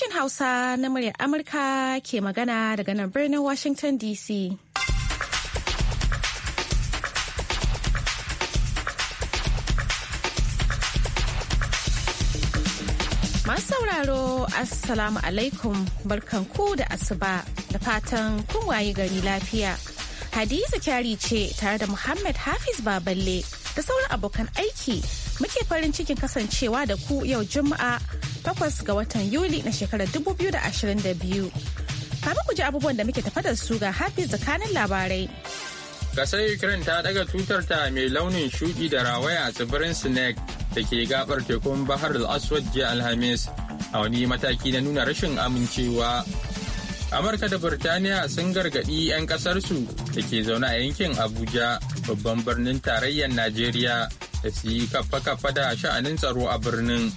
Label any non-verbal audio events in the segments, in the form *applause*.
Sashen Hausa na muryar Amurka ke magana daga nan birnin Washington DC. Masu sauraro, Assalamu alaikum barkanku da asuba da fatan kun waye gari lafiya. Hadiza kyari ce tare da Muhammad Hafiz Baballe da sauran abokan aiki muke farin cikin kasancewa da ku yau Juma'a takwas ga watan Yuli na shekarar 2022. kamin ku ji abubuwan da muke tafa su ga hafi tsakanin labarai. Kasar Ukraine ta daga tutarta mai launin shuɗi da rawaya a tsibirin Sinek da ke gabar tekun Bahar al-Aswad jiya Alhamis a wani mataki na nuna rashin amincewa. Amurka da Birtaniya sun gargaɗi 'yan ƙasarsu da ke zaune a yankin Abuja babban birnin tarayyar Najeriya da su yi kafa-kafa da sha'anin tsaro a birnin.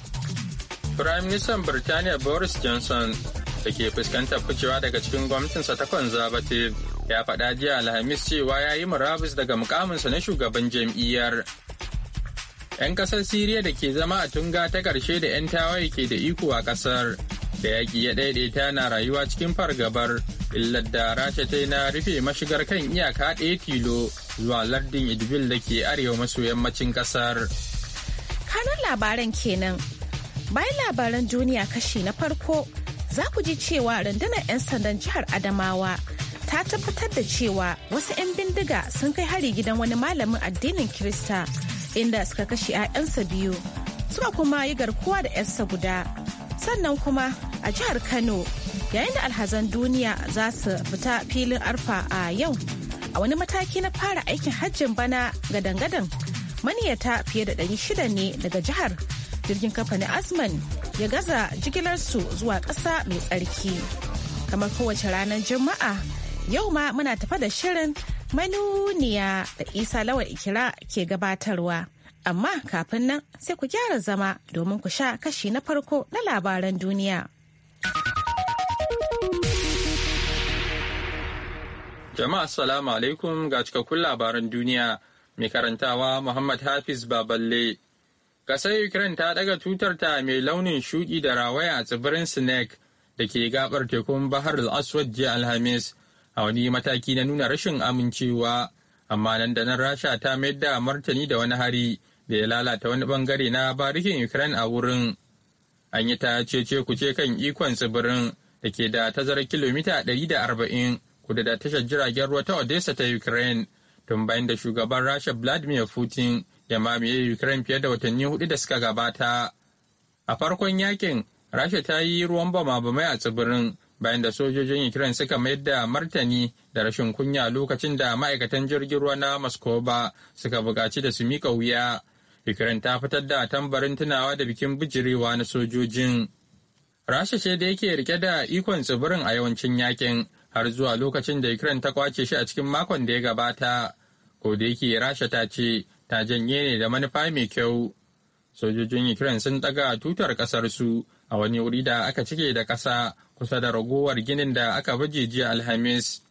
Firayim Ministan Birtaniya Boris Johnson da ke fuskantar ficewa daga cikin gwamnatinsa ta Conservative ya faɗa jiya Alhamis cewa ya yi murabus daga mukaminsa na shugaban jam'iyyar. 'Yan ƙasar Siriya da ke zama a tunga ta ƙarshe da 'yan tawaye ke da iko a ƙasar da yaƙi ya ɗaiɗaita na rayuwa cikin fargabar illar da rasha ta na rufe mashigar kan iyaka ɗaya tilo zuwa lardin idbil da ke arewa maso yammacin ƙasar. kanan labaran kenan Bayan labaran duniya kashi na farko, za ku ji cewa rundunar 'yan sandan jihar Adamawa ta tabbatar da cewa wasu 'yan bindiga sun kai hari gidan wani malamin addinin Kirista inda suka kashe 'ya'yansa biyu suka kuma yi garkuwa da 'yarsa guda. Sannan kuma a jihar Kano yayin da alhazan duniya za su fita filin arfa a yau a wani mataki na fara aikin hajjin bana gadan-gadan maniyata fiye da 600 ne daga jihar jirgin kamfanin asman ya gaza jigilarsu zuwa ƙasa mai tsarki kamar kowace ranar juma'a yau ma muna tafa da shirin manuniya da isa lawan ikira ke gabatarwa amma kafin nan sai ku gyara zama domin ku sha kashi na farko na labaran duniya jama'a as-salamu alaikum ga cikakkun labaran duniya mai karantawa muhammad hafiz baballe Ƙasar Ukraine ta ɗaga tutarta mai launin shuɗi da rawaya a tsibirin Snake da ke gabar tekun Bahar al-Aswad jiya Alhamis a wani mataki na nuna rashin amincewa, amma nan da nan Rasha ta mayar da martani da wani hari da ya lalata wani bangare na barikin Ukraine a wurin. An yi ta cece kuce kan ikon tsibirin da ke da tazarar kilomita 140 kudu da tashar jiragen ruwa ta Odessa ta Ukraine tun bayan da shugaban Rasha Vladimir Putin ya mamaye Ukraine fiye da watanni hudu da suka gabata. A farkon yakin, Rasha ta yi ruwan bama-bamai a tsibirin bayan da sojojin Ukraine suka mayar da martani da rashin kunya lokacin da ma'aikatan jirgin ruwa na Moscow suka buƙaci da su mika wuya. Ukraine ta fitar da tambarin tunawa da bikin bijirewa na sojojin. Rasha ce da yake rike da ikon tsibirin a yawancin yakin har zuwa lokacin da Ukraine ta kwace shi a cikin makon da ya gabata. Ko da yake Rasha ta ce ta janye ne da manufa mai kyau. Sojojin Ukraine sun daga tutar ƙasarsu a wani wuri da aka cike da ƙasa kusa da ragowar ginin da aka baje jiya Alhamis.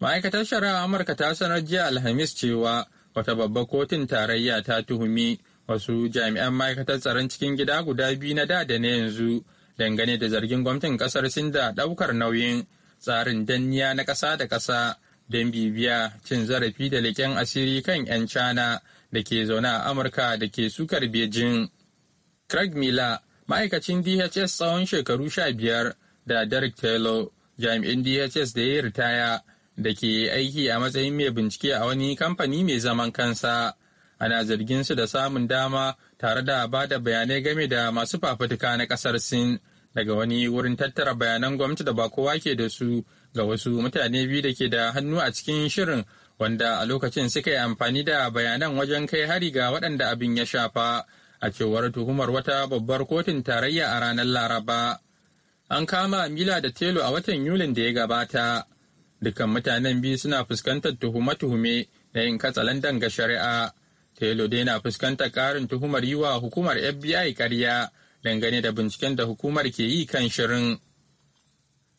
Ma'aikatar shari'a Amurka ta sanar jiya Alhamis cewa wata babbar kotun tarayya ta tuhumi wasu jami'an ma'aikatar tsaron cikin gida guda biyu na da da na yanzu dangane da zargin gwamnatin kasar sin da ɗaukar nauyin tsarin danniya na ƙasa da ƙasa don bibiya cin zarafi da leƙen asiri kan 'yan cana da ke zaune a amurka da ke sukar beijing craig miller ma'aikacin dhs tsawon shekaru sha biyar da derek taylor jami'in dhs da ya yi ritaya da ke aiki a matsayin mai bincike a wani kamfani mai zaman kansa ana zargin su da samun dama tare da ba da bayanai game da masu fafutuka na kasar sin daga wani wurin tattara bayanan gwamnati da ba kowa ke da su ga wasu mutane biyu da ke da hannu a cikin shirin wanda a lokacin suka yi amfani da bayanan wajen kai hari ga waɗanda abin ya shafa a cewar tuhumar wata babbar kotun tarayya a ranar laraba an kama mila da telo a watan yulin da ya gabata dukkan mutanen biyu suna fuskantar tuhume-tuhume na yin katsalandan ga shari'a telo dai na fuskantar ƙarin tuhumar yi wa hukumar fbi karya dangane da binciken da hukumar ke yi kan shirin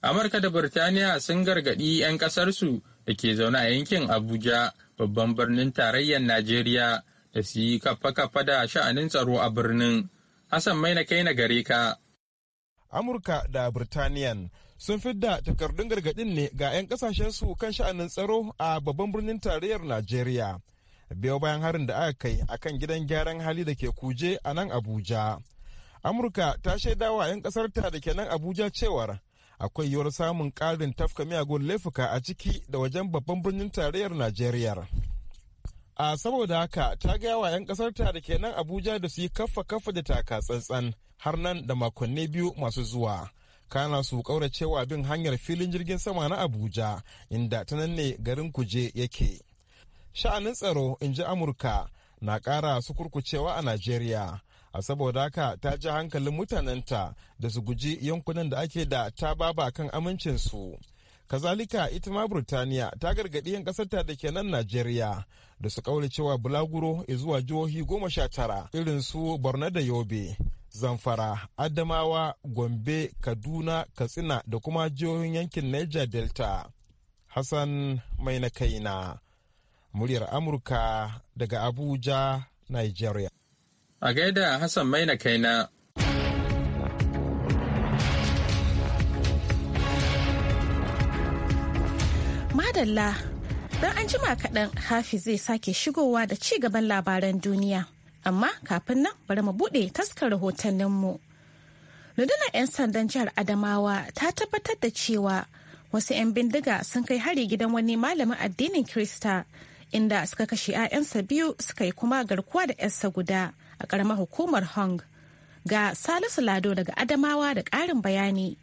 amurka da birtaniya sun gargaɗi 'yan ƙasarsu da ke zaune a yankin abuja babban birnin tarayyar najeriya da su yi kafa-kafa da sha'anin tsaro a birnin hassan mai na kai na gare ka amurka da birtaniyan sun fidda takardun gargaɗin ne ga 'yan kasashensu kan sha'anin tsaro a babban birnin tarayyar najeriya biyo bayan harin da aka kai a kan gidan gyaran hali da ke kuje a nan abuja amurka ta shaidawa 'yan ƙasarta da ke nan abuja cewar akwai yiwuwar samun ƙarin tafka miyagun laifuka a ciki da wajen babban birnin tarayyar najeriya a saboda haka ta gaya wa 'yan ƙasarta da ke nan abuja da su yi kafa kafa da taka tsantsan har nan da makonni biyu masu zuwa kana su ƙauracewa bin hanyar filin jirgin sama na abuja inda ta nan ne garin kuje yake sha'anin tsaro in ji amurka na ƙara su kurkucewa a najeriya a saboda haka ta ji hankalin mutanenta da su guji yankunan da ake da ta baba kan amincinsu kazalika ita ma burtaniya ta gargaɗi 'yan ƙasarta da ke nan najeriya da su kaure cewa bulaguro zuwa jihohi goma sha tara irin su borno da yobe zamfara adamawa gombe kaduna katsina da kuma jihohin yankin niger delta hassan mai na kaina muryar amurka daga abuja nigeria A gaida Hassan Maina kaina. Madalla, don an jima kaɗan Hafi zai sake shigowa da ci gaban labaran duniya. Amma kafin nan bari mu buɗe taskar rahotanninmu. Rundunar 'yan sandan jihar Adamawa ta tabbatar da cewa wasu 'yan bindiga sun kai hari gidan wani malamin addinin Kirista inda suka kashe 'ya'yansa biyu suka yi kuma garkuwa da 'yarsa guda. a ƙaramar hukumar hong ga salisu lado daga adamawa da ƙarin bayani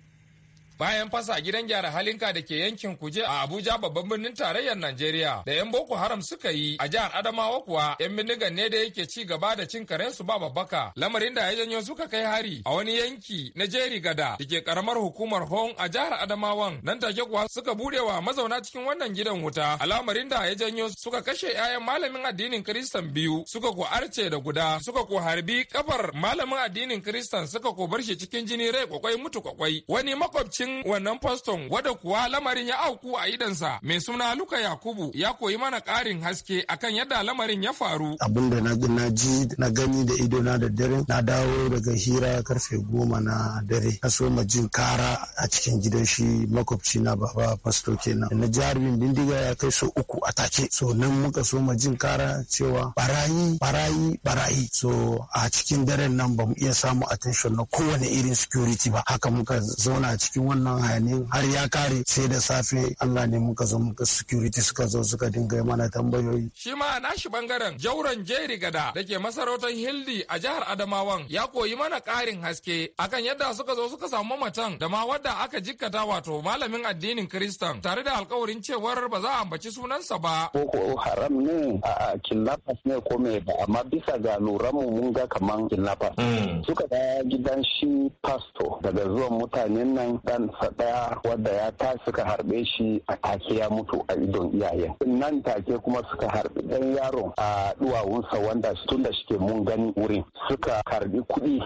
bayan fasa gidan gyara halinka da ke yankin kuje a abuja babban birnin tarayyar najeriya da yan boko haram suka yi a jihar adamawa kuwa yan bindigan ne da yake ci gaba da cin karensu ba babbaka lamarin da ya janyo suka kai hari a wani yanki na jeri gada da ke karamar hukumar hong a jihar adamawan nan take kuwa suka wa mazauna cikin wannan gidan wuta alamarin da ya janyo suka kashe 'ya'yan malamin addinin Kiristan biyu suka ko arce da guda suka ko harbi kafar malamin addinin Kiristan suka ko bar shi cikin jini rai kwakwai mutu kwakwai wani makwabci makwabcin wannan faston Wadda kuwa lamarin ya auku a idansa mai suna Luka Yakubu ya koyi mana ƙarin haske akan yadda lamarin ya faru. Abin da na ji na gani da ido na da dare na dawo daga hira karfe goma na dare na so ma jin kara a cikin gidan shi makwabci na baba fasto kenan na jarumin bindiga ya kai so uku a take so nan muka so ma jin kara cewa barayi barayi barayi so a cikin daren nan ba mu iya samu attention na kowane irin security ba haka muka zauna a cikin wannan hayanin har ya kare sai da safe Allah ne muka zo muka security suka zo suka dinga yi mana tambayoyi. Shi ma a nashi bangaren jauron jeri gada da ke masarautar Hildi a jihar Adamawan ya koyi mana ƙarin haske akan yadda suka zo suka samu matan da ma wadda aka jikkata wato malamin addinin Kiristan tare da alkawarin cewar ba za a ambaci sunansa ba. Ko haram ne a kidnappers ne ko me ba amma bisa ga mu mun ga kaman kidnappers. Hmm. Suka ga gidan shi pastor daga zuwan mutanen nan dan kansa daya wadda ya ta suka harbe shi a take ya mutu a idon iyaye. nan take kuma suka harbi ɗan yaron a duwawunsa wanda tun da shi ke mun gani wurin suka karbi kuɗi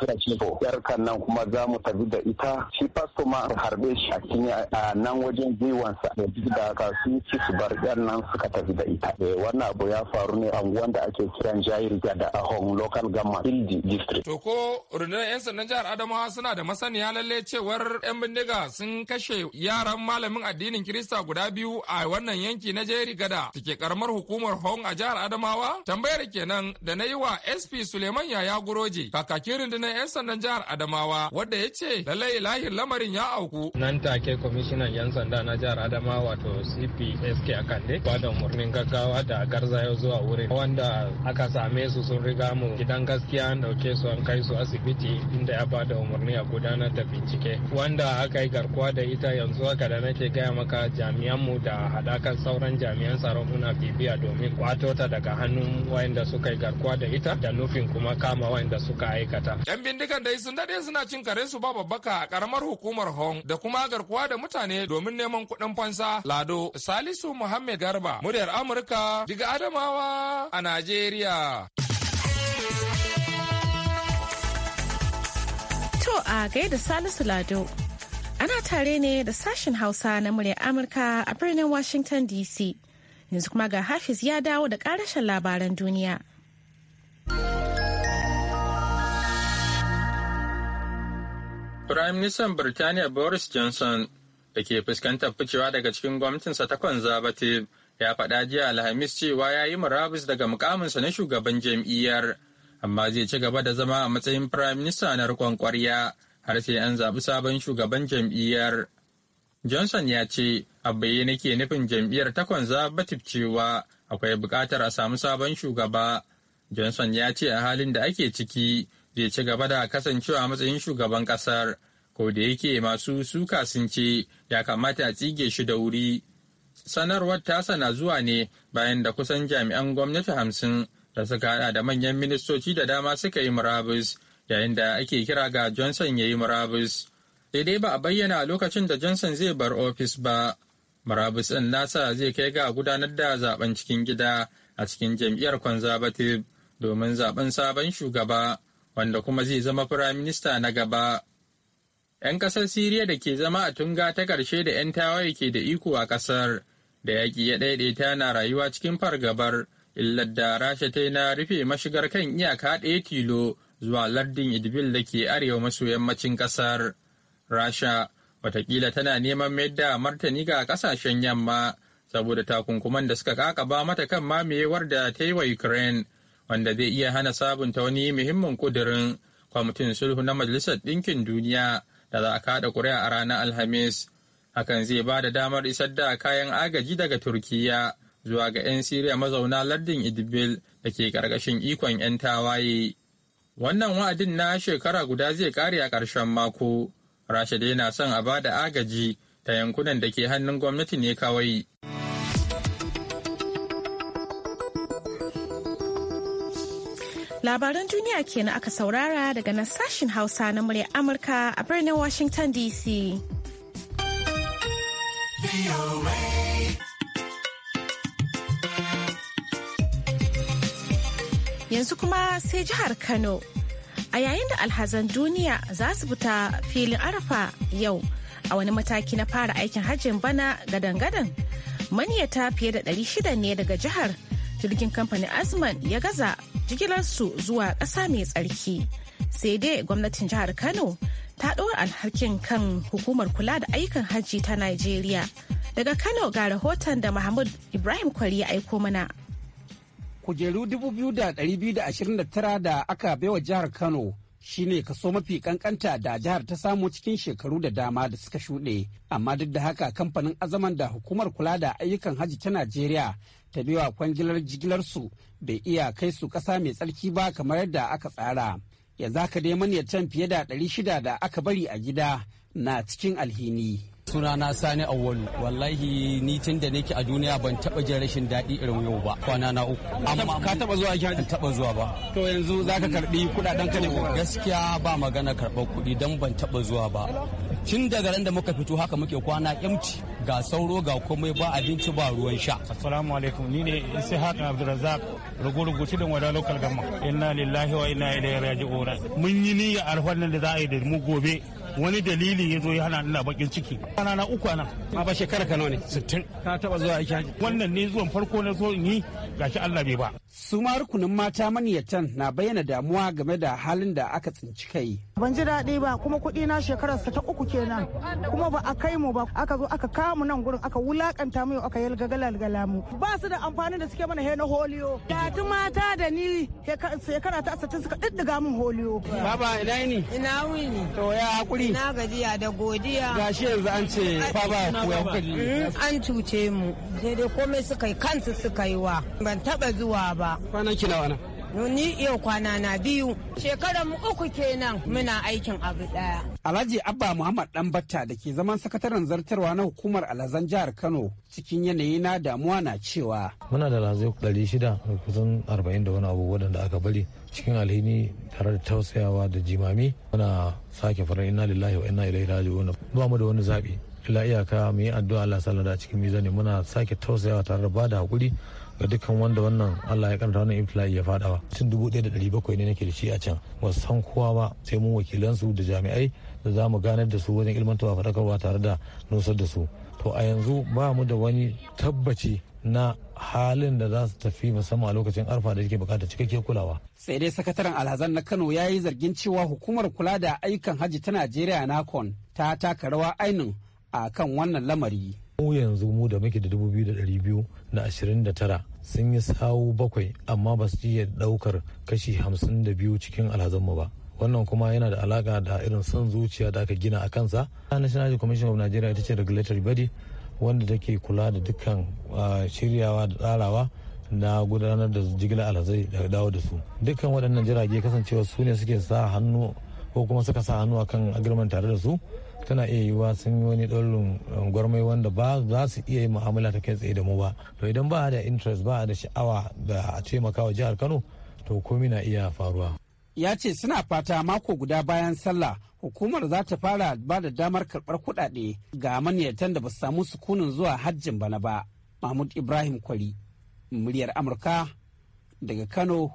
suka ce yar nan kuma za mu tafi da ita shi fasto ma harbe shi a cikin a nan wajen gwiwansa da duk da haka sun ci su bar yan nan suka tafi da ita eh, wannan abu ya faru ne a wanda ake kiran jayir gada a hong local government district to ko rundunar yan sandan jihar adamawa suna da masaniya lalle cewar yan bindiga sun kashe yaran malamin addinin Kirista guda biyu a wannan yanki na jeri gada take karamar hukumar Hong a jihar Adamawa? Tambayar kenan da na yi wa SP Suleiman Yaya Guroje kakakin rundunar 'yan sandan jihar Adamawa wadda ya ce lallai lahir lamarin ya auku. Nan take kwamishinan 'yan sanda na jihar Adamawa wato CPSK Akande ba da umarnin gaggawa da garza ya zuwa wurin wanda aka same su sun riga mu gidan gaskiya an dauke su an kai su asibiti inda ya ba da umarni a gudanar da bincike wanda aka yi garkuwa da ita yanzu haka da nake gaya maka jami'anmu da haɗakar sauran jami'an tsaron muna bibiya domin kwato ta daga hannun wayanda suka yi garkuwa da ita da nufin kuma kama wayanda suka aikata. Yan bindigan dai sun daɗe suna cin kare su ba babbaka a karamar hukumar Hong da kuma garkuwa da mutane domin neman kuɗin fansa Lado Salisu Muhammad Garba muryar Amurka diga Adamawa a Najeriya. To a gaida Salisu Lado ana tare ne da sashen hausa na murya amurka a birnin washington dc yanzu kuma ga hafiz ya dawo da karashen labaran duniya Prime Minister Birtaniya Boris Johnson da ke fuskantar ficewa daga cikin gwamnatinsa ta Conservative ya faɗa jiya Alhamis cewa ya yi murabus daga mukaminsa na shugaban jam'iyyar, amma zai ci gaba da zama a matsayin Prime Minister na riƙon ƙwarya har sai an zaɓi sabon shugaban jam'iyyar. Johnson ya ce, a nake nufin jam'iyyar ta Conservative cewa akwai buƙatar a samu sabon shugaba. Johnson ya ce a halin da ake ciki zai ci gaba da kasancewa matsayin shugaban ƙasar, ko da yake masu suka sun ce ya kamata a tsige shi da wuri. Sanarwar ta sana zuwa ne bayan da kusan jami'an gwamnati hamsin da suka hada da manyan ministoci da dama suka yi murabus yayin da ake kira ga Johnson ya yi murabus. Daidai ba a bayyana lokacin da Johnson zai bar ofis ba. Murabus ɗin nasa zai kai ga gudanar da zaben cikin gida a cikin jam'iyyar Conservative domin zaben sabon shugaba wanda kuma zai zama firaminista na gaba. 'Yan ƙasar Siriya da ke zama a tunga ta ƙarshe da 'yan tawaye ke da iko a ƙasar da yaƙi ya ɗaiɗaita na rayuwa cikin fargabar illar da rasha ta na rufe mashigar kan iyaka ɗaya tilo zuwa lardin idbil da ke arewa maso yammacin kasar rasha watakila tana neman mayar da martani ga kasashen yamma saboda takunkuman da suka kakaba mata kan mamayewar da ta yi wa ukraine wanda zai iya hana sabunta wani muhimmin kudirin kwamitin sulhu na majalisar ɗinkin duniya da za a kada ƙuri'a a ranar alhamis hakan zai ba da damar isar da kayan agaji daga turkiya zuwa ga 'yan siriya mazauna lardin idbil da ke ƙarƙashin ikon 'yan tawaye Wannan wa'adin na shekara guda zai kare a ƙarshen mako. Rasha yana na son a ba da agaji ta yankunan da ke hannun gwamnati ne kawai. Labaran duniya kenan aka saurara daga nan sashin Hausa na murya Amurka a birnin Washington DC. yanzu kuma sai jihar kano a yayin da alhazan duniya za su fita filin arafa yau a wani mataki na fara aikin hajjin bana gadan-gadan maniyata fiye da 600 ne daga jihar jirgin kamfanin asman ya gaza jigilarsu zuwa ƙasa mai tsarki sai dai gwamnatin jihar kano ta ɗora alhakin kan hukumar kula da ayyukan hajji ta najeriya daga kano ga rahoton da mahmud ibrahim kwari ya aiko mana kujeru 2,229 da aka baiwa jihar kano shine kaso mafi kankanta da jihar ta samu cikin shekaru da dama da suka shuɗe amma duk da haka kamfanin azaman da hukumar kula da ayyukan haji ta najeriya ta biwa kwangilar jigilarsu bai iya kai su ƙasa mai tsarki ba kamar yadda aka tsara yanzu haka dai maniyatan fiye da 600 da aka bari a gida na cikin alhini na sani awwalu wallahi ni tun da nake a duniya ban taba jin rashin daɗi irin yau ba kwana na uku amma ka taba zuwa ki ban taba zuwa ba to yanzu zaka karbi kudaden ka ne gaskiya ba magana karɓar kuɗi dan ban taba zuwa ba tun daga ran da muka fito haka muke kwana yamci ga sauro ga komai ba abinci ba ruwan sha assalamu alaikum ni ne sai haka abdulrazak rugurugu cikin wada lokal gamma inna lillahi wa inna ilaihi raji'un mun yi niyya alfannan da za a yi da mu gobe wani dalili ya zo ya hana ina bakin ciki Kana na uku ana ma ba shekara ka nawa ne 60 ka taba zuwa aiki wannan ne zuwan farko na zo in yi gashi Allah bai ba su ma rukunin mata maniyatan na bayyana damuwa game da halin da aka tsinci kai. Ban ji daɗi ba kuma kuɗi na shekararsa ta uku kenan kuma ba a kai mu ba aka zo aka kawo mu nan gurin aka wulakanta mu aka yalgagala mu ba su da amfani da suke mana hena holiyo. Da mata da ni shekara ta asatin suka diddiga min holiyo. Baba ina ni? Ina wuni. To ya hakuri. Ina gajiya da godiya. Gashi yanzu an ce baba ya kuka An cuce mu. Sai komai suka yi kansu suka yi wa. Ban taɓa zuwa ba. Kwanan ki nawa nan? Ni iya kwana na biyu. Shekaran mu uku kenan muna aikin abu daya. Alhaji Abba Muhammad Danbatta da ke zaman sakataren zartarwa na hukumar alhazan jihar Kano cikin yanayi na damuwa na cewa. Muna da alhazai ɗari shida da kusan arba'in da wani abu waɗanda aka bari cikin alhini tare da tausayawa da jimami muna sake farar inna lillahi wa inna ilaihi raji'un ba mu da wani zabi Ila iyaka mu yi addu'a Allah sallallahu cikin mizani muna sake tausayawa tare da bada hakuri ga dukkan wanda wannan Allah ya karanta wannan ibtila'i ya fadawa cin dubu ɗaya da ɗari bakwai ne nake da shi a can ba san kowa ba sai mun wakilansu da jami'ai da za mu ganar da su wajen ilmantarwa faɗakarwa tare da nusar da su to a yanzu ba mu da wani tabbaci na halin da za su tafi musamman a lokacin arfa da yake bukata cikakkiyar kulawa. Sai dai sakataren alhazan na Kano ya yi zargin cewa hukumar kula da ayyukan hajji ta Najeriya nakon ta taka rawa ainihin a kan wannan lamari. mu yanzu mu da muke da 2,229 sun yi sawu bakwai amma ba su iya daukar kashi hamsin 52 cikin alhazanmu ba wannan kuma yana da alaka da irin son zuciya da aka gina a kansa national commission of nigeria ita ce regulatory body wanda take kula da dukkan shiryawa da tsarawa na gudanar da jigilar alhazai da dawo da su dukkan waɗannan jirage kasancewa su ne suke sa hannu ko kuma suka sa hannu akan agirman tare da su tana iya yiwuwa sun yi wani ɗaurin gwarmai wanda ba za su iya yi mu'amala ta kai tsaye da mu ba to idan ba da interest ba da sha'awa da a taimaka wa jihar kano to komi na iya faruwa ya ce suna fata mako guda bayan sallah hukumar za ta fara ba da damar karɓar kuɗaɗe ga maniyatan da ba su samu sukunin zuwa hajjin bana ba mahmud ibrahim kwari muryar amurka daga kano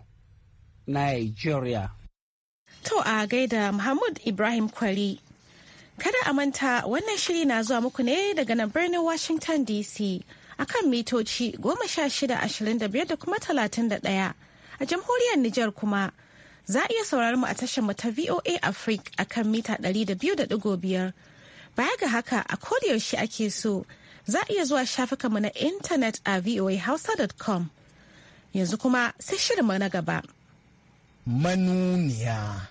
nigeria to a gaida mahmud ibrahim kwari Kada a manta wannan shiri na zuwa muku ne daga nan birnin Washington DC akan mitoci goma sha shida, ashirin da kuma talatin da ɗaya. a jamhuriyar Nijar kuma za a iya sauraron mu a tashar mu ta VOA Africa akan mita ɗari da da 200.5 baya ga haka a yaushe ake so za a iya zuwa mu na intanet a voahausa.com yanzu kuma sai mu na gaba. Manuniya.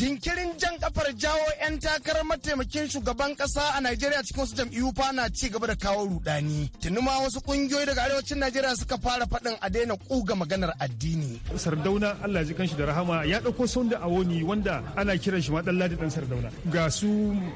jinkirin manufar jawo 'yan takarar mataimakin shugaban kasa a Najeriya cikin wasu jam'iyyu fa na ci gaba da kawo rudani. Tuni ma wasu kungiyoyi daga arewacin Najeriya suka fara faɗin a daina kuga maganar addini. Sardauna Allah ji kanshi da rahama ya ɗauko sonda woni wanda ana kiran shi ma ɗan ladi ɗan Sardauna. Ga su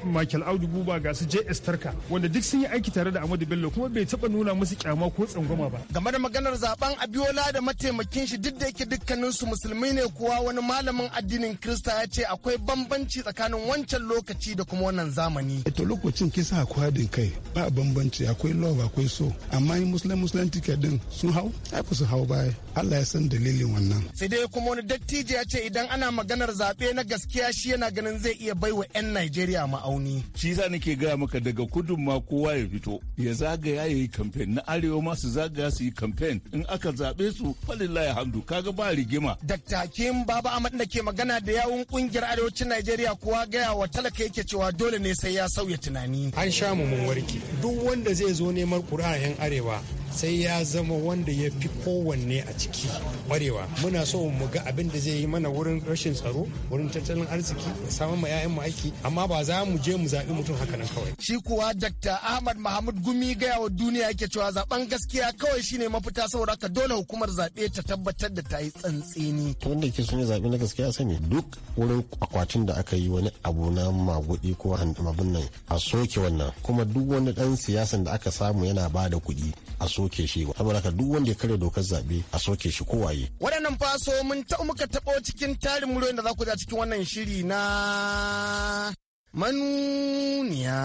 Michael Audu Buba ga su JS Tarka wanda duk sun yi aiki tare da Ahmadu Bello kuma bai taɓa nuna musu kyama ko tsangwama ba. Game da maganar zaben Abiola da mataimakin shi duk da yake dukkaninsu musulmi ne kuwa wani malamin addinin Kirista ya ce akwai bambanci tsakanin tsakanin wancan lokaci da kuma wannan zamani to lokacin kisa akwai haɗin kai ba bambanci akwai love akwai so amma yi muslim muslim ticket din sun hau ai ba su hau baya Allah ya san dalilin wannan sai dai kuma wani dattijo ya ce idan ana maganar zaɓe na gaskiya shi yana ganin zai iya baiwa 'yan Najeriya ma'auni shi yasa nake gaya maka daga kudun ma kowa ya fito ya zagaya ya yi kamfen na arewa ma su zagaya su yi kamfen in aka zaɓe su falillahi hamdu kaga ba rigima dakta kim baba Ahmad da ke magana da yawun kungiyar arewacin Najeriya talaka kuwa gaya wa talaka yake cewa dole ne sai ya sauya tunani an sha mu mun warke duk wanda zai zo neman Kur'an yan arewa sai ya zama wanda ya fi kowanne a ciki kwarewa muna so mu ga abin da zai yi mana wurin rashin tsaro wurin tattalin arziki da samun ma 'ya'yan mu aiki amma ba za mu je mu zaɓi mutum haka nan kawai shi kuwa dr ahmad mahmud gumi gaya wa duniya yake cewa zaben gaskiya kawai shine mafita saboda haka dole hukumar zaɓe ta tabbatar da ta yi tsantseni wanda ke sun yi zaɓe na gaskiya sani duk wurin akwatin da aka yi wani abu na magudi ko abun nan a soke wannan kuma duk wani dan siyasan da aka samu yana bada kuɗi a soke soke shi saboda haka duk wanda ya karya dokar zabe a soke shi waye. waɗannan faso mun ta muka taɓo cikin tarin muryoyin da za ku ji cikin wannan shiri na manuniya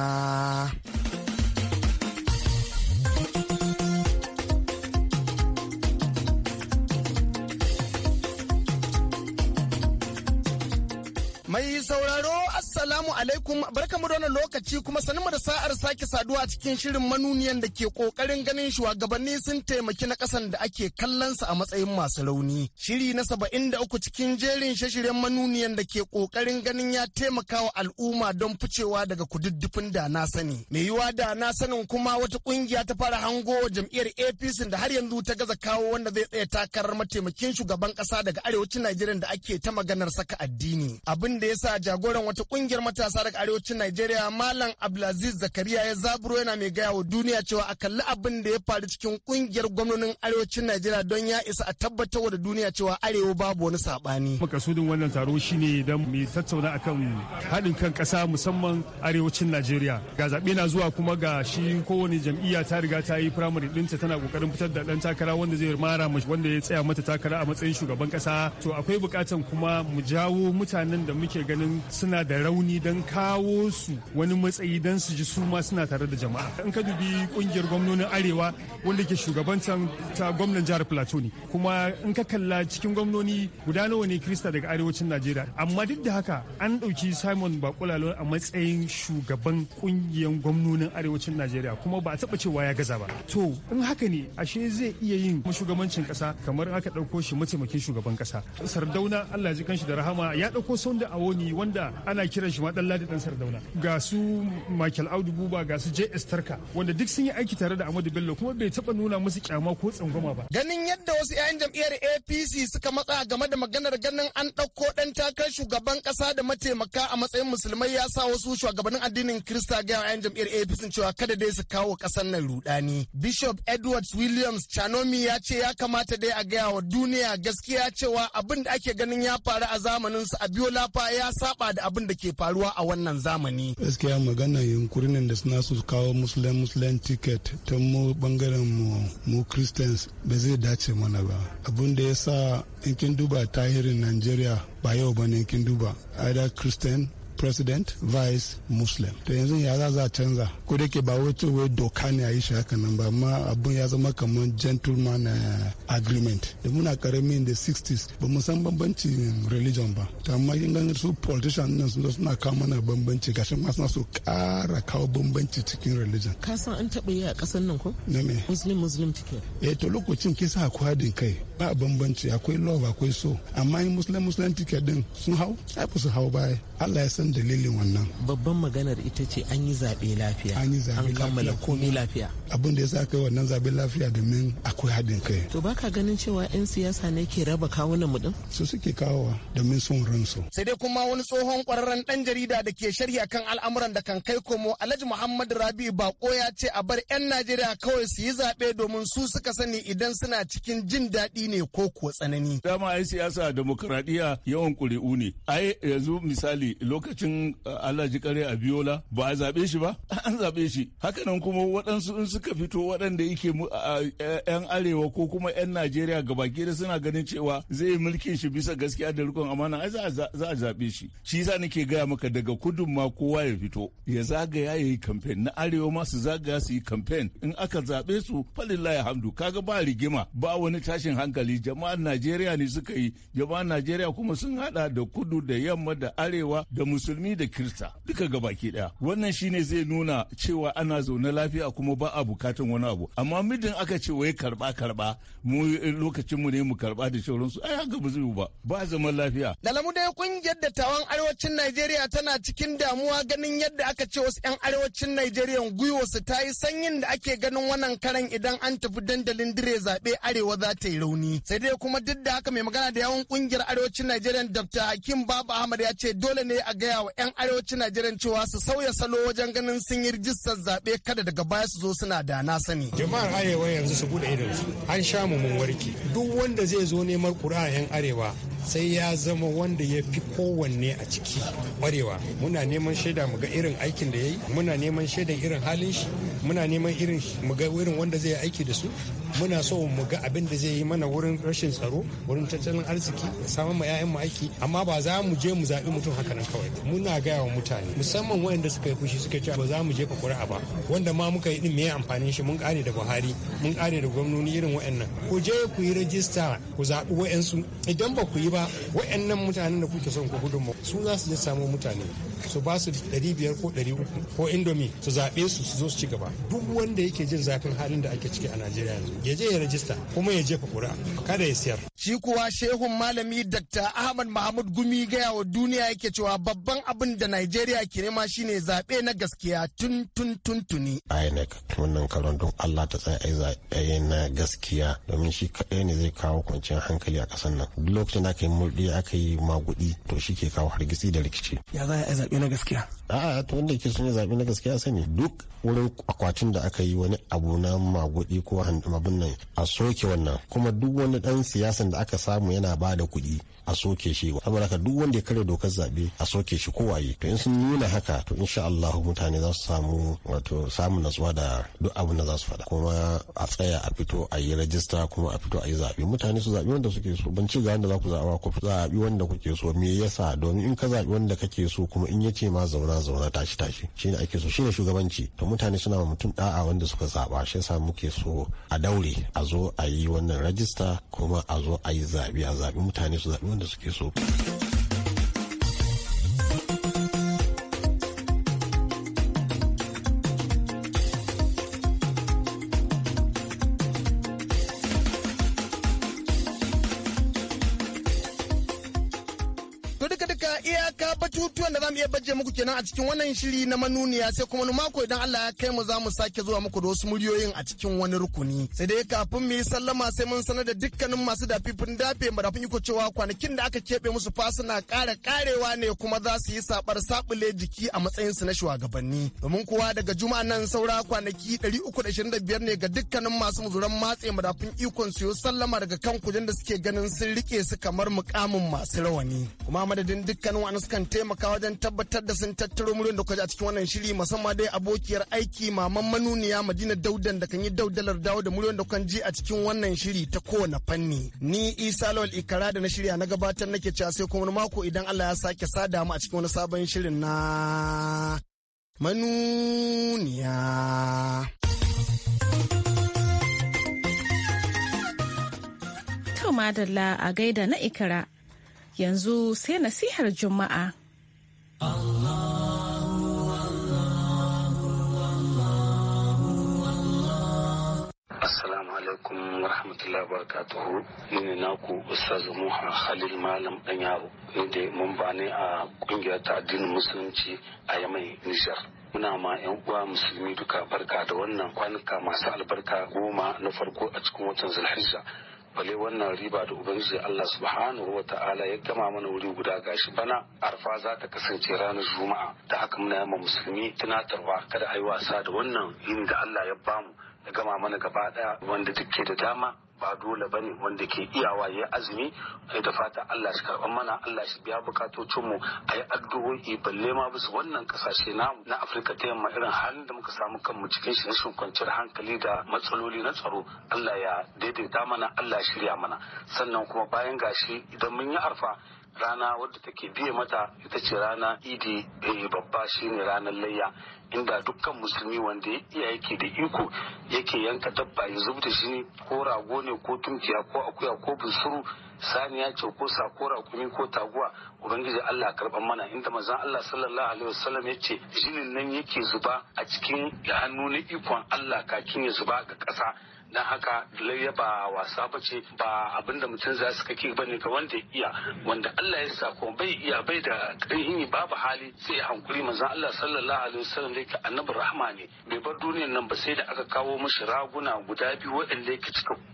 Mai sauraro Assalamu alaikum barkamu da wannan lokaci kuma sanin da sa'ar sake saduwa cikin shirin manuniyan da ke kokarin ganin shugabanni sun taimaki na kasan da ake kallon su a matsayin masu rauni. Shiri na saba'in da uku cikin jerin shashiren manuniyan da ke kokarin ganin ya taimaka wa al'umma don ficewa daga kududdufin da na sani. Mai yiwa da na sanin kuma wata kungiya ta fara hango jam'iyyar APC da har yanzu ta gaza kawo wanda zai tsaya takarar mataimakin shugaban kasa daga arewacin Najeriya da ake ta maganar saka addini. Abin da yasa jagoran wata kungiya kungiyar matasa daga arewacin Najeriya Malam Abdulaziz Zakariya ya zaburo yana mai gaya wa duniya cewa a kalli abin da ya faru cikin kungiyar gwamnonin arewacin Najeriya don ya isa a tabbatar da duniya cewa arewa babu wani sabani. Makasudin wannan taro ne don mu tattauna akan haɗin kan ƙasa musamman arewacin Najeriya. Ga zaɓe na zuwa kuma ga shi kowane jam'iyya ta riga ta yi firamare ɗinta tana ƙoƙarin fitar da ɗan takara wanda zai mara wanda ya tsaya mata takara a matsayin shugaban ƙasa. To akwai buƙatan kuma mu jawo mutanen da muke ganin suna da rauni rauni don kawo su wani matsayi don su ji su ma suna tare da jama'a in ka dubi kungiyar gwamnonin arewa wanda ke shugabanta ta gwamnan jihar plateau ne kuma in ka kalla cikin gwamnoni guda nawa ne krista daga arewacin najeriya amma duk da haka an ɗauki simon bakulalo a matsayin shugaban kungiyar gwamnonin arewacin najeriya kuma ba a taba cewa ya gaza ba to in haka ne ashe zai iya yin shugabancin ƙasa kamar aka ɗauko shi mataimakin shugaban ƙasa sardauna allah ji kanshi da rahama ya ɗauko sonda awoni wanda ana kira kiran shi ma dan ladi dan sardauna ga su Michael Audu Buba ga su JS Tarka wanda duk sun yi aiki tare da amadu Bello kuma bai taba nuna musu kyama ko tsangwama ba ganin yadda wasu 'ya'yan jam'iyyar APC suka matsa game da maganar ganin an ɗauko dan takarar shugaban kasa da mataimaka a matsayin musulmai ya sa wasu shugabannin addinin Kirista ga 'ya'yan jam'iyyar APC cewa kada dai su kawo ƙasar nan rudani Bishop Edwards Williams Chanomi ya ce ya kamata dai a gaya wa duniya gaskiya cewa abin da ake ganin ya faru a zamanin su Abiola fa ya saba da abin da ke faruwa a wannan zamani gaskiya magana ne da suna su kawo muslim muslim ticket ta mu bangaren mu mu christians ba zai dace mana ba abin da ya sa in kin duba tahirin nigeria ba yau ba ne kin duba either christian president vice muslim to yanzu ya za za canza ko da ke ba wata wai doka ne a yi shi haka nan ba amma abun ya zama kamar gentleman eh, agreement da muna karamin da 60s ba mu san bambancin religion ba ta amma yin ganin su politician nan sun suna kawo mana bambanci gashi ma suna so kara kawo bambanci cikin religion ka san an taba yi a ƙasar nan ko na me muslim muslim ticket eh to lokacin kisa akwai hadin kai ba bambanci akwai love akwai so amma yin muslim muslim ticket din sun hau ai su hau baya Allah ya san san dalilin wannan babban maganar ita ce an yi zaɓe lafiya an yi zaɓe kammala komai lafiya abin da ya sa kai wannan zaɓe lafiya domin akwai haɗin kai to baka ganin cewa 'yan siyasa ne ke raba kawunan mu din su suke kawowa domin sun ransu sai dai kuma wani tsohon kwararren dan jarida da ke sharhi kan al'amuran da kan kai komo alhaji muhammad rabi bako ya ce a bar 'yan najeriya kawai su yi zaɓe domin su suka sani idan suna cikin jin daɗi ne ko kuwa tsanani dama ai siyasa demokradiya yawan ƙuri'u ne ai yanzu misali lokaci lokacin eh, alhaji kare a biola ba a zaɓe shi ba *laughs* an zaɓe shi hakanan kuma waɗansu in suka fito waɗanda yake yan arewa ko kuma yan najeriya gaba da suna ganin cewa zai mulkin shi bisa gaskiya da rikon amana ai za a zaɓe shi shi yasa nake gaya maka daga kudun ma kowa ya fito ya zagaya ya yi kamfen na arewa ma su zagaya su yi kamfen in aka zaɓe su falillahi hamdu kaga ba rigima ba wani tashin hankali jama'ar najeriya ne suka yi jama'ar najeriya kuma sun hada da kudu da yamma da arewa da musu. musulmi da kirista duka gabaki daya wannan shine zai nuna cewa ana zaune lafiya kuma ba a bukatan wani abu amma midin aka ce wai karba karba mu lokacin mu ne mu karba da shauransu ai haka ba zai ba ba zaman lafiya dalamu dai kungiyar dattawan arewacin Najeriya tana cikin damuwa ganin yadda aka ce wasu yan arewacin Najeriya gwiwarsu ta yi sanyin da ake ganin wannan karan idan an tafi dandalin dire zabe arewa za ta yi rauni sai dai kuma duk da haka mai magana da yawan kungiyar arewacin Najeriya Dr. Hakim Baba Ahmad ya ce dole ne a gaya wa 'yan arewacin Najeriya cewa su sauya salo wajen ganin sun yi rijistar zaɓe kada daga baya su zo suna da na sani. Jama'ar Arewa yanzu su buɗe su An sha mu mun warke. Duk wanda zai zo neman ƙuri'a 'yan Arewa sai ya zama wanda ya fi kowanne a ciki kwarewa muna neman shaida mu ga irin aikin da ya yi muna neman shaidan irin halin shi muna neman irin mu irin wanda zai aiki da su muna so mu ga abin da zai yi mana wurin rashin tsaro wurin tattalin arziki samun ma 'ya'yan mu aiki amma ba za mu je mu zaɓi mutum haka nan kawai muna gaya wa mutane musamman wayanda suka yi fushi suka ce ba za mu je ka kura ba wanda ma muka yi din me amfanin shi mun kare da Buhari mun kare da gwamnoni irin waɗannan ku je ku yi rajista ku zaɓi wayansu idan ba ku yi ba wa'annan mutanen da kuke son ku gudunmu su za su je samu mutane su ba su 500 ko 300 ko indomi su zaɓe su su zo su ci gaba duk wanda yake jin zafin halin da ake ciki a najeriya yanzu ya je ya rajista kuma ya jefa kura kada ya siyar. shi kuwa shehun malami dr ahmad mahmud gumi gaya wa duniya yake cewa babban abin da najeriya ke nema shine zaɓe na gaskiya tun tun tun tuni. inec wannan karon don allah ta tsaya ai zaɓe na gaskiya domin shi kaɗai ne zai kawo kwanciyar hankali a ƙasar nan lokacin da kai murɗi aka yi magudi to shi ke kawo hargitsi da rikici. Ya za a zaɓe na gaskiya. a'a to wanda ke son ya zaɓi na gaskiya sani duk wurin akwatin da aka yi wani abu na magudi ko abin nan a soke wannan kuma duk wani dan siyasan da aka samu yana ba da kuɗi a soke shi saboda haka duk wanda ya karya dokar zaɓe a soke shi waye to in sun nuna haka to insha Allah mutane za su samu wato samu natsuwa da duk abin da za su faɗa kuma a tsaya a fito a yi rajista kuma a fito a yi zaɓe mutane su zaɓi wanda suke so ban ci ga wanda za ku zaɓa ku zaɓi wanda kuke so me yasa domin in ka zaɓi wanda kake so kuma in ya ce ma zauna na zaune tashi tashi ne ake so shi ne shugabanci to mutane suna wa mutum da'a wanda suka zaba shi yasa muke so a daure a zo a yi wannan rajista kuma a zo a yi zabi a zaɓi mutane su zaɓi wanda suke so. ajiye muku kenan a cikin wannan shiri na manuniya sai kuma ni mako idan Allah ya kai mu za mu sake zuwa muku da wasu muryoyin a cikin wani rukuni. Sai dai kafin mu yi sallama sai mun sanar da dukkanin masu dafifin dafe dafin iko cewa kwanakin da aka keɓe musu fasuna ƙara ƙarewa ne kuma za su yi sabar sabule jiki a matsayin su na shugabanni. Domin kuwa daga juma'a nan saura kwanaki 325 ne ga dukkanin masu muzuran matse madafin ikon su yi sallama daga kan kujen da suke ganin sun rike su kamar mukamin masu rawani. Kuma madadin dukkanin wani sukan taimaka wajen tabbatar tabbatar da sun tattaro muryar da kwaje a cikin wannan shiri musamman dai abokiyar aiki maman manuniya Madina Daudan da kan yi daudalar dawo da muryar da kan a cikin wannan shiri ta kowane fanni. Ni Isa Lawal Ikara da na shirya na gabatar nake cewa sai kuma mako idan Allah ya sake sada mu a cikin wani sabon shirin na manuniya. To madalla a gaida na ikara yanzu sai nasihar juma'a. Assalamu alaikum wa rahmatullahi wa barakatuhu ni ne naku Ustaz Muha Khalil Malam Danyawo ni da mamba ne a kungiyar ta addinin musulunci a Yamai Nijar. muna ma 'yan uwa musulmi duka barka da wannan kwanuka masu albarka goma na farko a cikin watan zulhijja bale wannan riba da ubangiji Allah subhanahu wa ta'ala ya gama mana wuri guda gashi bana arfa za ta kasance ranar juma'a da haka muna yamma musulmi tunatarwa kada a yi wasa da wannan yin da Allah ya bamu ya gama mana gaba daya wanda dukke da dama ba dole ba ne wanda ke iyawa ya azumi ai da fata Allah shi karɓar mana Allah shi biya bukatocin a yi addu'o'i balle ma bisa wannan kasashe na na Afirka ta yamma irin halin da muka samu kanmu cikin shi rashin kwanciyar hankali da matsaloli na tsaro Allah ya daidaita mana Allah shirya mana sannan kuma bayan gashi idan mun yi arfa rana wadda take biye mata ita ce rana idi eh, babba shine ranar layya inda dukkan musulmi wanda ya iya yake da iko yake yanka dabba ya zub da shi ko rago ne ko tunkiya ko akuya ko bunsuru saniya ce ko sako rakumi ko taguwa ubangiji Allah karban mana inda manzon Allah sallallahu alaihi wasallam yace jinin nan yake zuba a cikin hannu na ikon Allah kakin ya zuba ga ƙasa dan haka layya ba wasa ba ce ba abinda mutum za su kake bane ga wanda ya iya wanda Allah ya sa ko bai iya bai da ƙarfin yi babu hali sai ya hankuri manzon Allah sallallahu alaihi wasallam da yake annabi rahma ne bai bar duniyar nan ba sai da aka kawo mishi raguna guda biyu waɗanda yake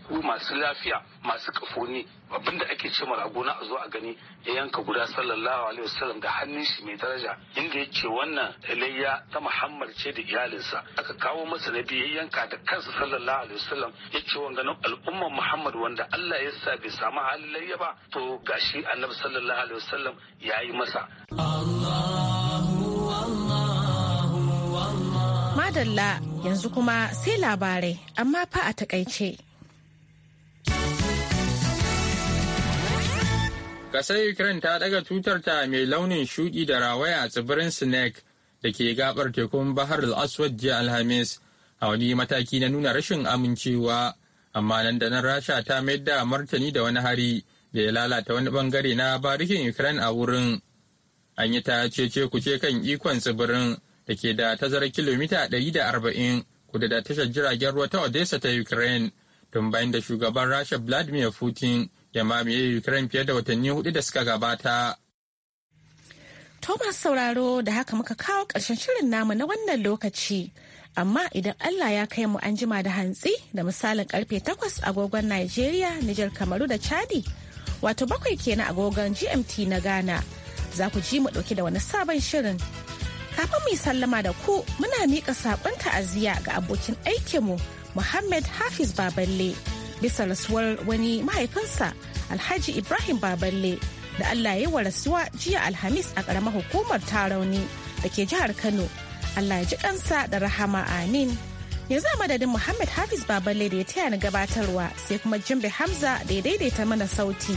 ku masu lafiya masu kafoni abinda ake ce raguna a zo a gani ya yanka guda sallallahu alaihi wasallam da hannun shi mai daraja inda yake wannan layya ta Muhammad ce da iyalinsa aka kawo masa nabi yanka da kansa sallallahu alaihi wasallam wasallam ya ce ganin al'umman muhammad wanda allah ya sa bai samu halin layya ba to gashi annabi sallallahu alaihi wasallam ya yi masa madalla yanzu kuma sai labarai amma fa a takaice Kasar Ukraine ta daga tutarta mai launin shuɗi da rawaya a tsibirin Snake da ke gabar tekun Bahar al-Aswad jiya Alhamis a wani mataki na nuna rashin amincewa amma nan da nan rasha ta mayar da martani da wani hari da ya lalata wani bangare na barikin ukraine a wurin an yi ta cece kuce kan ikon tsibirin da ke da tazarar kilomita 140 kudu da tashar jiragen ruwa ta odessa ta ukraine tun bayan da shugaban rasha vladimir putin ya mamaye ukraine fiye da watanni hudu da suka gabata thomas sauraro da haka muka kawo ƙarshen shirin namu na wannan lokaci amma idan Allah ya kai mu an jima da hantsi da misalin karfe 8 agogon Najeriya, Nijar Kamaru da Chadi, wato bakwai kenan agogon GMT na Ghana. Za ku ji mu ɗauki da wani sabon shirin. Kafin mu sallama da ku muna miƙa saƙon ta'aziyya ga abokin aikinmu Muhammad Hafiz Baballe bisa rasuwar wani mahaifinsa Alhaji Ibrahim Baballe da Allah ya yi wa rasuwa jiya Alhamis a ƙaramar hukumar Tarauni da ke jihar Kano. Allah ya ji kansa da rahama amin. Yanzu a madadin Muhammad Hafiz babale da ya taya ni gabatarwa sai kuma Jimbe Hamza da ya daidaita mana sauti.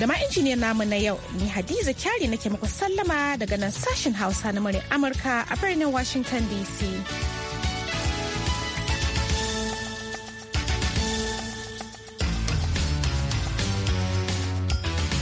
Da ma injiniyan namu na yau ni Hadiza Kyari nake muku sallama daga nan sashen Hausa na Amurka a birnin Washington DC.